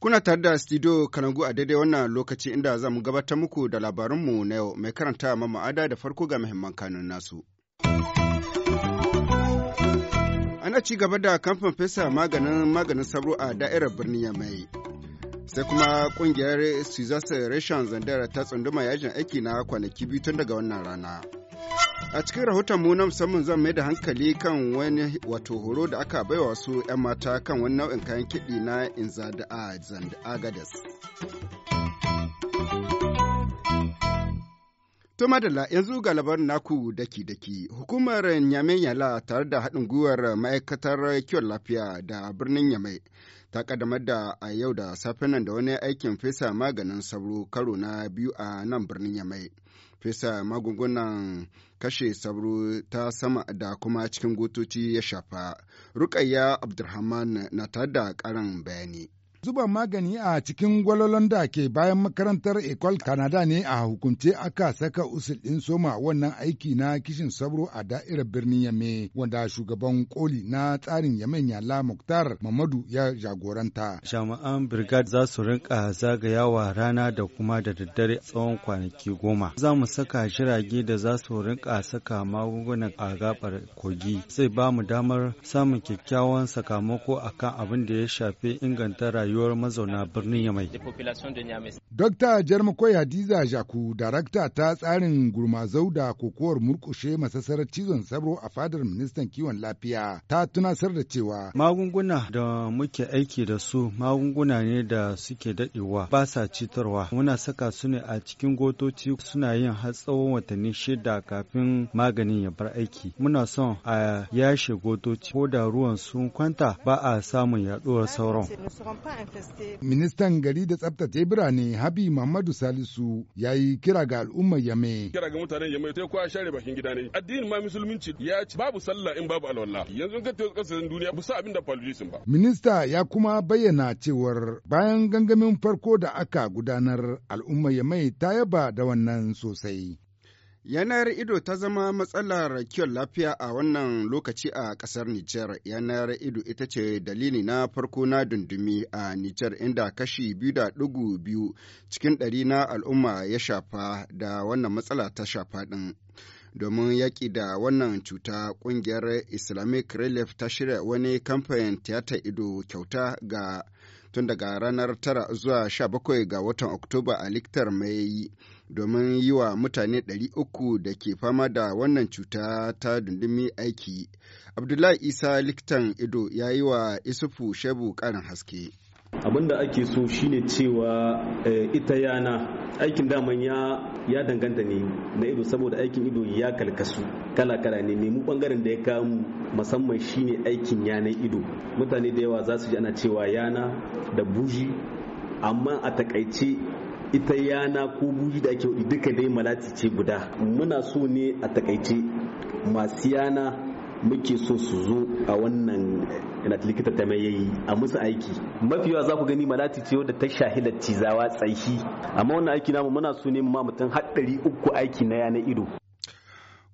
kuna tare da studio kalangu a daidai wannan lokaci inda za mu gabatar muku da labarinmu na yau mai karanta mama'ada da farko ga muhimman kanun nasu ana ci gaba da kamfan fesa maganin maganin sabro a da'irar birnin yamai sai kuma kungiyar suizas reshen zandar ta tsunduma yajin aiki na kwanaki biyu tun daga wannan rana a cikin rahoton mu na musamman zan mai da hankali kan wani wato horo da aka baiwa wasu 'yan mata kan wani nau'in kayan kiɗi na inzada a ah, agades To madalla yanzu ga labarin naku daki-daki hukumar Nyame Yala tare da haɗin gwiwar ma'aikatar kiwon lafiya da birnin Yamai ta kaddamar da a yau da safe nan da wani aikin fesa maganin sauro karo na biyu a nan birnin Yamai. Fesa magungunan kashe sauro ta sama da kuma cikin gutoci ya shafa. Rukayya Abdulrahman na tare da ƙarin bayani. zuba magani a cikin gwalolon da ke bayan makarantar Ecole Canada ne a hukunce aka saka usul ɗin soma wannan aiki na kishin sabro a da'irar birnin Yame wanda shugaban koli na tsarin Yamen Yala Muktar Mamadu ya jagoranta. Jami'an Brigade za su rinka zagayawa rana da kuma da daddare tsawon kwanaki goma. Za mu saka jirage da za su rinka saka magungunan a gabar kogi. Zai ba mu damar samun kyakkyawan sakamako akan abin da ya shafi inganta rayuwa rayuwar mazauna birnin Yamai. Dokta Jarmakwai Hadiza Jaku, darakta ta tsarin gurmazau da kokowar murkushe masasarar cizon sabro a fadar ministan kiwon lafiya ta tunasar da cewa magunguna da muke aiki da su magunguna ne da suke dadewa ba sa citarwa muna saka su ne a cikin gotoci suna yin har tsawon watanni shida kafin maganin ya bar aiki muna son a yashe gotoci ko da ruwan sun kwanta ba a samun yaduwar sauron. Ministan gari da tsabtace birane Habi Muhammadu Salisu ya yi kira ga al'ummar Yame. Kira ga mutanen Yame sai kowa share bakin gida ne. Addinin ma musulunci ya ce babu sallah in babu alwala. Yanzu ka tewa kasashen duniya bu sa abin da paludism ba. Minista ya kuma bayyana cewar bayan gangamin farko da aka gudanar al'ummar Yame ta yaba da wannan sosai. yanayar ido ta zama matsalar kiwon lafiya a wannan lokaci a ƙasar Nijar. yanayar ido ita ce dalili na farko na dundumi a Nijar inda kashi biyu da dugu biyu cikin ɗari na al'umma ya shafa da wannan matsala ta shafa ɗin. Domin yaƙi da wannan cuta, ƙungiyar Islamic Relief ta shirya wani kamfanin tiyatar ido kyauta ga tun daga ranar 9 zuwa 17 ga watan Oktoba a Liktar mai domin yi wa mutane 300 da ke fama da wannan cuta ta dundumi aiki. Abdullahi Isa likitan ido ya yi wa Isufu Shebu karin haske. abin da ake so shine cewa eh, ita yana aikin daman ya ya danganta ne na ido saboda aikin ido ya kalkasu kala-kala ne nemi bangaren da ya kamu musamman shine aikin yanar ido mutane da yawa za su ji ana cewa yana da buji amma a takaice ita yana ko buji da ake duka dai malati ce guda muna so ne a takaice masu yana muke so su zo a wannan yana eh, likita ta mai yayi a musu aiki mafi yawa za ku gani malati ce wadda ta da cizawa tsaihi amma wannan aiki namu muna so ne ma mutum haɗari uku aiki na yanar ido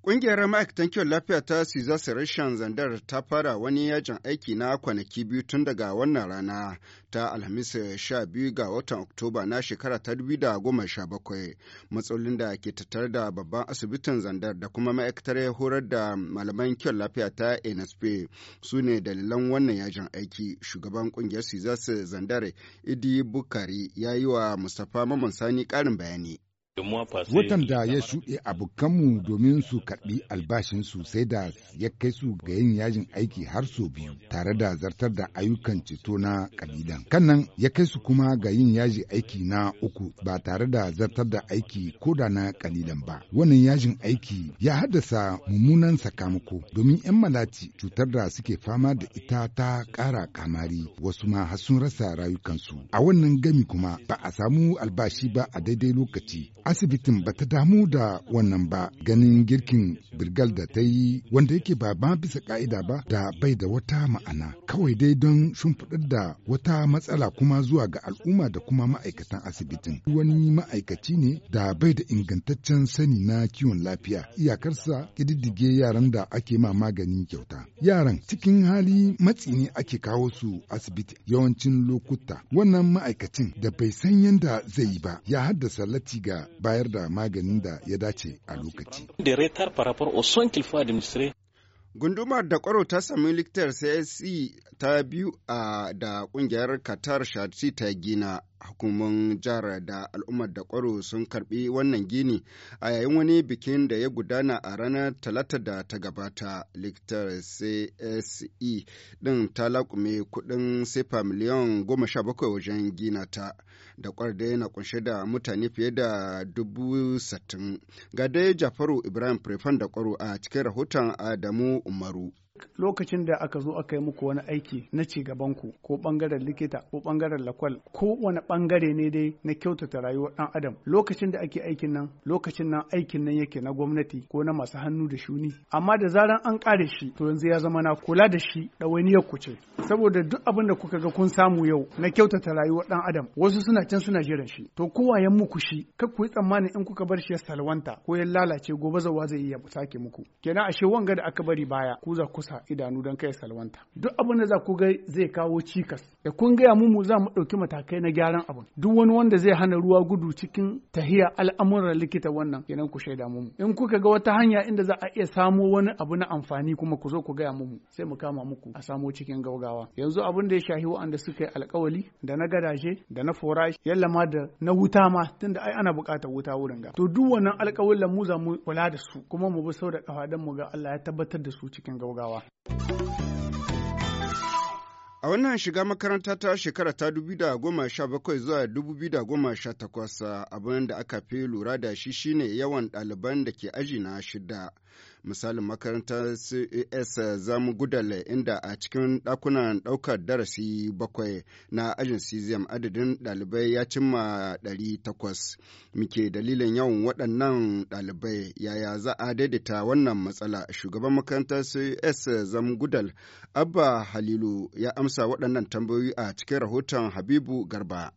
Ƙungiyar ma'aikatan kiwon lafiya ta Caesars Rashan Zandar ta fara wani yajin aiki na kwanaki biyu tun daga wannan rana ta Alhamis 12 ga watan Oktoba na shekara ta dubu goma sha bakwai. Matsalolin da ke tattare da babban asibitin Zandar da kuma ma'aikatar ya horar da malaman kiwon lafiya ta NSP su ne dalilan wannan yajin aiki. Shugaban ƙungiyar Caesars Zandar Idi Bukari ya yi wa Mustapha Mamman Sani ƙarin bayani. Watan da ya shuɗe abokanmu domin su karɓi albashinsu sai da ya kai su ga yin yajin aiki har sau biyu tare da zartar da ayyukan ceto na Kan Kannan ya kai su kuma ga yin yaji aiki na uku ba tare da zartar da aiki ko da na kalilan ba. Wannan yajin aiki ya haddasa mummunan sakamako domin 'yan malati cutar da suke fama da ita ta ƙara kamari wasu ma har sun rasa rayukansu. A wannan gami kuma ba a samu albashi ba a daidai lokaci asibitin ba ta damu da wannan ba ganin girkin birgal da ta yi wanda yake ba ba bisa ka'ida ba da bai da wata ma'ana kawai dai don shimfiɗar da wata matsala kuma zuwa ga al'umma da kuma ma'aikatan asibitin wani ma'aikaci ne da bai da ingantaccen sani na kiwon lafiya iyakarsa ƙididdige yaran da ake ma magani kyauta yaran cikin hali matsi ne ake kawo su asibiti yawancin lokuta wannan ma'aikacin da bai san yadda zai yi ba ya haddasa lati ga bayar da maganin da ya dace a lokaci. Gundumar da kwaro ta sami likitar CSE ta biyu a da kungiyar Qatar Shati ta gina hukumomin jihar da al'ummar da kwaro sun karbi wannan gini a yayin wani bikin da ya gudana a ranar talata da ta gabata likitar cse din ta lakume kudin sefa miliyan goma sha bakwai wajen gina ta da kwar da yana kunshe da mutane fiye da dubu satin ga dai jafaru ibrahim prefan da kwaro a cikin rahoton adamu umaru lokacin da aka zo aka yi muku wani aiki na ci ku ko bangaren likita ko bangaren lakwal ko wani bangare ne dai na kyautata rayuwar dan adam lokacin da ake aikin nan lokacin nan aikin nan yake na gwamnati ko na masu hannu da shuni amma da zaran an kare shi to yanzu ya zama na kula da shi ɗawainiyar ku ce saboda duk abin da kuka ga kun samu yau na kyautata rayuwar dan adam wasu suna can suna jiran shi to kowa ya muku shi kar ku yi tsammanin in kuka bar shi ya salwanta ko ya lalace gobe zawa zai iya sake muku kenan ashe wanga da aka bari baya ku za ku ta idanu don kai salwanta duk abin da za ku ga zai kawo cikas da kun gaya mu za mu ɗauki matakai na gyaran abin duk wani wanda zai hana ruwa gudu cikin tahiya al'amuran likita wannan kenan ku shaida mu in kuka ga wata hanya inda za a iya samo wani abu na amfani kuma ku zo ku gaya mu sai mu kama muku a samo cikin gaugawa yanzu abin da ya shahi wa'anda suka yi alkawali da na gadaje da na forashi yalla ma da na wuta ma tunda ai ana buƙatar wuta wurin ga to duk wannan alkawalin mu za mu kula da su kuma mu bi sau da kafa mu ga Allah ya tabbatar da su cikin gaugawa A wannan shiga makaranta ta shekara ta bakwai zuwa goma 2018 abin da aka fi lura da shi shine yawan ɗaliban da ke aji na shida. misalin makarantar CAS zamu gudale inda a cikin ɗakunan ɗaukar darasi bakwai na ajin cesium adadin ɗalibai ya cimma 800 muke dalilin yawan waɗannan ɗalibai yaya za a daidaita wannan matsala shugaban makarantar CAS zamu gudal abba halilu ya amsa waɗannan tambayoyi a cikin rahoton habibu garba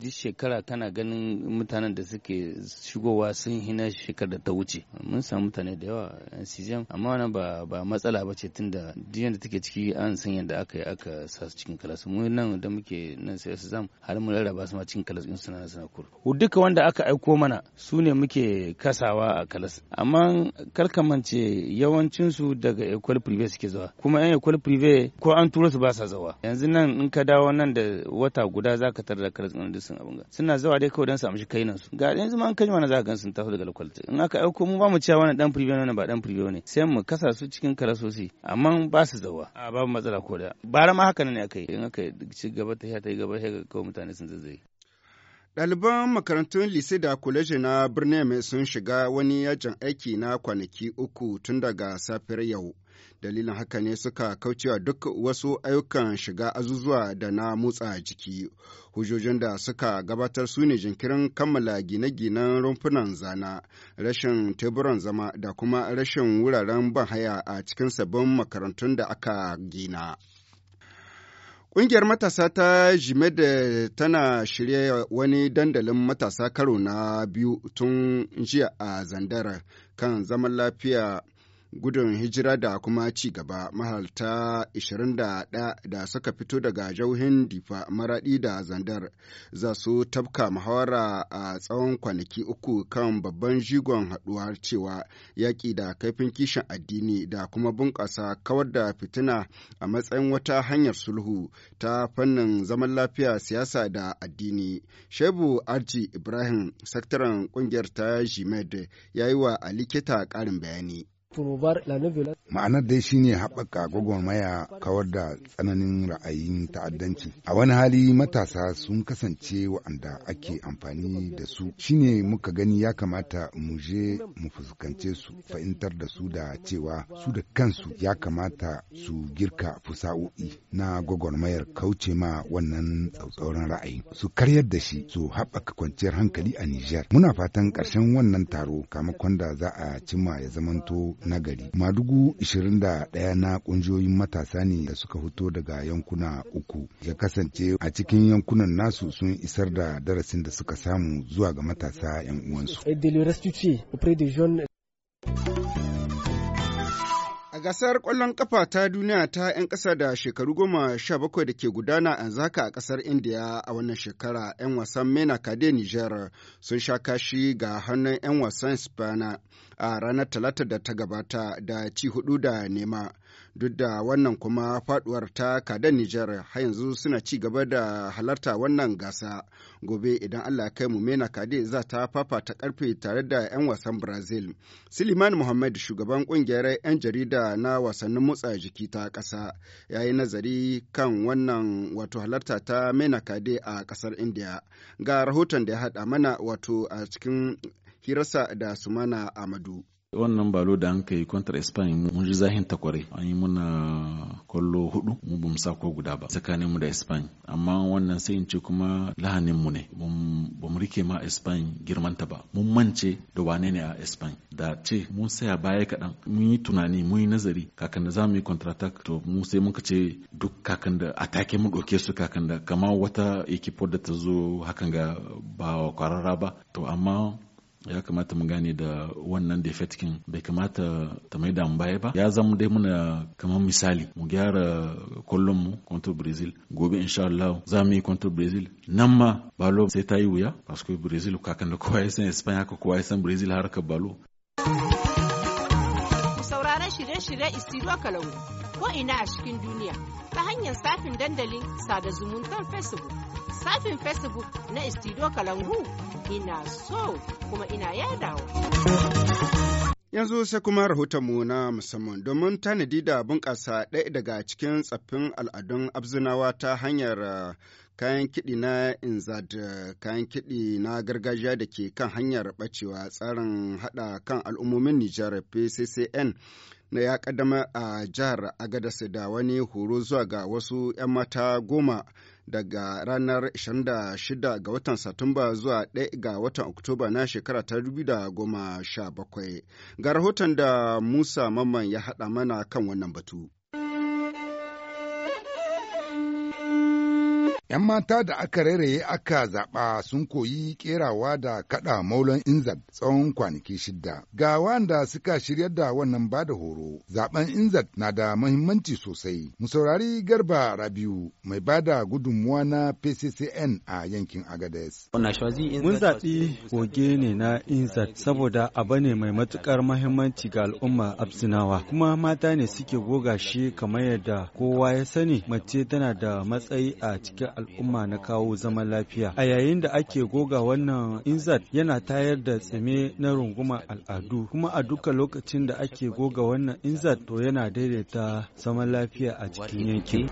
duk shekara kana ganin mutanen da suke shigowa sun hina shekar da ta wuce mun samu mutane da yawa a sijan amma wannan ba matsala ba ce tunda duk yanda take ciki an san yadda aka yi aka sa su cikin kalas mu nan da muke nan sai su zam har mu rarraba su ma cikin kalas din suna suna kur duka wanda aka aiko mana su ne muke kasawa a kalas amma karkamance yawancin su daga ecole prive suke zuwa kuma yan ecole prive ko an turo su ba sa zawa yanzu nan in ka dawo nan da wata guda zaka tara da kalas sun abin ga suna zawa dai kawai don samu shi nan su ga yanzu ma an kalma na za ka sun taso daga lokal in aka aiko mu ba mu cewa wani dan preview ne ba dan preview ne sai mu kasa su cikin karasosi amma ba su zawa a mu matsala ko da bara ma haka ne akai in aka ci gaba ta ta gaba sai ga kawai mutane sun zazzai Ɗaliban makarantun lise da kwaleji na birnin mai sun shiga wani yajin aiki na kwanaki uku tun daga safiyar yau. dalilin haka ne suka kaucewa duk wasu ayyukan shiga azuzuwa da na motsa jiki hujjojin da suka gabatar su ne jinkirin kammala gine-ginen rumfunan zana rashin teburan zama da kuma rashin wuraren ban haya a cikin sabbin makarantun da aka gina. Ƙungiyar matasa ta Jimede tana shirya wani dandalin matasa karo na biyu tun jiya a zandar kan zaman lafiya gudun hijira da kuma cigaba gaba mahalta 21 da suka fito daga jauhin difa maradi da zandar za su tabka muhawara a tsawon kwanaki uku kan babban jigon haduwar cewa yaƙi da kaifin kishin addini da kuma bunƙasa kawar da fitina a matsayin wata hanyar sulhu ta fannin zaman lafiya siyasa da addini shebu arji ibrahim sakataren ƙungiyar ta jimed ya yi wa alikita ƙarin bayani Ma'anar dai shine haɓaka gwagwarmaya kawar da tsananin ra'ayin ta'addanci. A wani hali matasa sun kasance wa'anda ake amfani da su shine muka gani ya kamata mu je mu fuskance su fahimtar da su da cewa su da kansu ya kamata su girka fusa'o'i na gwagwarmayar kauce ma wannan tsautsauran ra'ayi. Su karyar da shi su haɓaka kwanciyar hankali a Nijar. Muna fatan ƙarshen wannan taro kamakon da za a cimma ya zamanto na gari madugu 21 na kungiyoyin matasa ne da suka fito daga yankuna uku ya kasance a cikin yankunan nasu sun isar da darasin da suka samu zuwa ga matasa 'yan uwansu A gasar ƙwallon kafa ta duniya ta 'yan ƙasa da shekaru goma sha bakwai da ke gudana a zaka a ƙasar Indiya a wannan shekara 'yan wasan Mena Kade niger sun sha kashi ga hannun 'yan wasan Spana a ranar Talata da ta gabata da ci hudu da nema. duk da wannan kuma faduwar ta kadan Nijar har yanzu suna ci gaba da halarta wannan gasa gobe idan Allah kai mu mena kade za ta fafa ta karfe tare da 'yan wasan Brazil. siliman Muhammad shugaban kungiyar 'yan jarida na wasannin motsa jiki ta ƙasa ya yi nazari kan wannan wato halarta ta mena kade a ƙasar India ga rahoton da ya haɗa mana wato a cikin hirarsa da Sumana Amadu. wannan balo da an kai kwantar Spain mun ji zahin takwarai an yi muna kwallo hudu mu bamu sa ko guda ba tsakanin mu da Spain amma wannan sai in ce kuma lahanin mu ne ba mu rike ma Spain girmanta ba mun mance da wane ne a Spain da ce mun saya baya kaɗan mun yi tunani mun yi nazari kakan da za mu yi contrattack to mu sai muka ce duk kakan da atake mu ɗauke su kakan da kama wata ekipo da ta zo hakan ga ba kwararra ba to amma ya kamata mu gane da wannan defetkin bai kamata ta mai mu baya ba ya zama dai muna kamar misali mu gyara kullum mu contre brazil gobe insha Allah za mu yi contre brazil nan ma balo sai ta yi wuya parce que brazil kakan da kowa ya san espanya haka kowa ya san brazil ka balo sauraron shirye-shirye istiro kalangu ko ina a cikin duniya ta hanyar safin dandalin sada zumuntar facebook shafin facebook na istido kalangu ina so kuma ina yadawa. Yanzu sai kuma rahotonmu na musamman domin tanadi da bunƙasa ɗaya daga cikin tsaffin al'adun abzunawa ta hanyar eh, kayan kiɗi na inzad eh, kayan kiɗi na gargajiya da ke kan hanyar ɓacewa tsarin haɗa kan al'ummomin Nijar PCCN na ya ƙaddama a jihar agadasi da wani horo zuwa ga wasu 'yan mata goma daga ranar 26 ga watan Satumba zuwa 1 ga watan Oktoba na shekara ta da goma sha bakwai Ga rahoton da Musa Mamman ya haɗa mana kan wannan batu. ‘Yan mata da aka rairaye aka zaɓa sun koyi ƙerawa da kaɗa maulon Inzad tsawon kwanaki shidda. Ga wanda suka shirya da wannan ba da horo, zaɓen Inzad na da mahimmanci sosai. musaurari Garba Rabiu mai ba da gudunmuwa na PCCN a yankin Agades. Mun zaɓi goge ne na Inzad saboda abu ne mai matuƙar mahimmanci ga al'umma Absinawa. Kuma mata ne suke goga shi kamar yadda kowa ya sani mace tana da matsayi a cikin al'umma na kawo zaman lafiya a yayin da ake goga wannan inzat yana tayar da tsime na runguma al'adu kuma a duka lokacin da ake goga wannan inzat to yana daidaita zaman lafiya a cikin yankin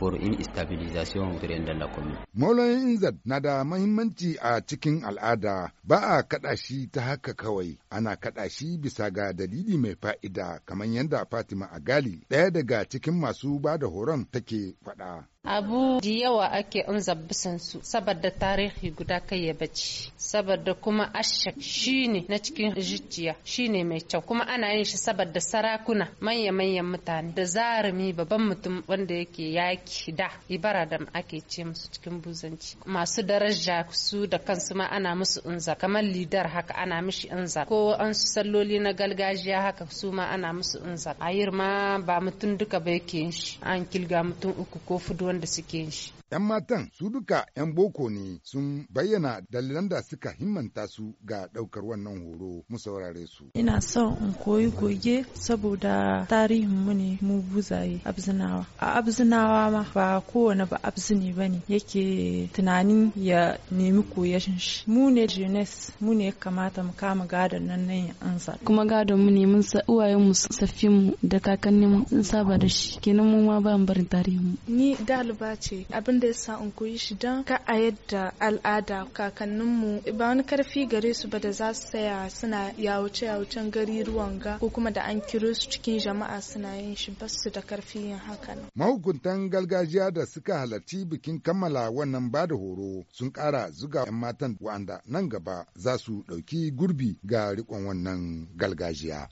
maulayin inzat na da mahimmanci a cikin al'ada ba a kaɗa shi ta haka kawai ana kaɗa shi bisa ga dalili mai fa'ida kamar yadda fatima agali ɗaya daga cikin masu ba da horon take faɗa abu da yawa ake in zabbisan su saboda tarihi guda kai ya bace saboda kuma ashak shine na cikin zuciya shine mai kyau kuma ana yin shi saboda sarakuna manya manyan mutane da zarumi babban mutum wanda yake yaki da ibara da ake ce musu cikin buzanci masu daraja su da kansu ma ana musu unza kamar lidar haka ana mishi unza ko an su salloli na gargajiya haka su ma ana musu unza ayir ma ba mutum duka ba yake shi an kilga mutum uku ko fudu wanda suke 'Yan matan su duka 'yan boko ne sun bayyana dalilan da suka himmanta su ga ɗaukar wannan horo mu saurare su. Ina son in koyi goge saboda tarihin mu ne mu buzaye abzinawa. A abzinawa ma ba kowane ba abzini ba ne yake tunanin ya nemi koyashin shi. Mu ne jeunesse mu ne kamata mu kama gadon nan nan ansa. Kuma gadon mu ne mun sa uwayen mu saffin mu da kakannin mu sun saba da shi kenan mu ma ba mu barin tarihin mu. Ni daliba ce abin abin da sa in koyi shi don ka a yadda al'ada kakanninmu ba wani karfi gare su ba da za su tsaya suna yawuce yawucen gari ruwan ga ko kuma da an kiro su cikin jama'a suna yin shi ba su da karfi yin haka nan. Mahukuntan gargajiya da suka halarci bikin kammala wannan ba da horo sun kara zuga 'yan matan wa'anda nan gaba za su ɗauki gurbi ga rikon wannan gargajiya.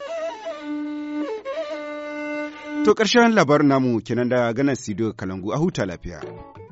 To ƙarshen labar namu kenan da ganin Sidiyo Kalangu a huta lafiya.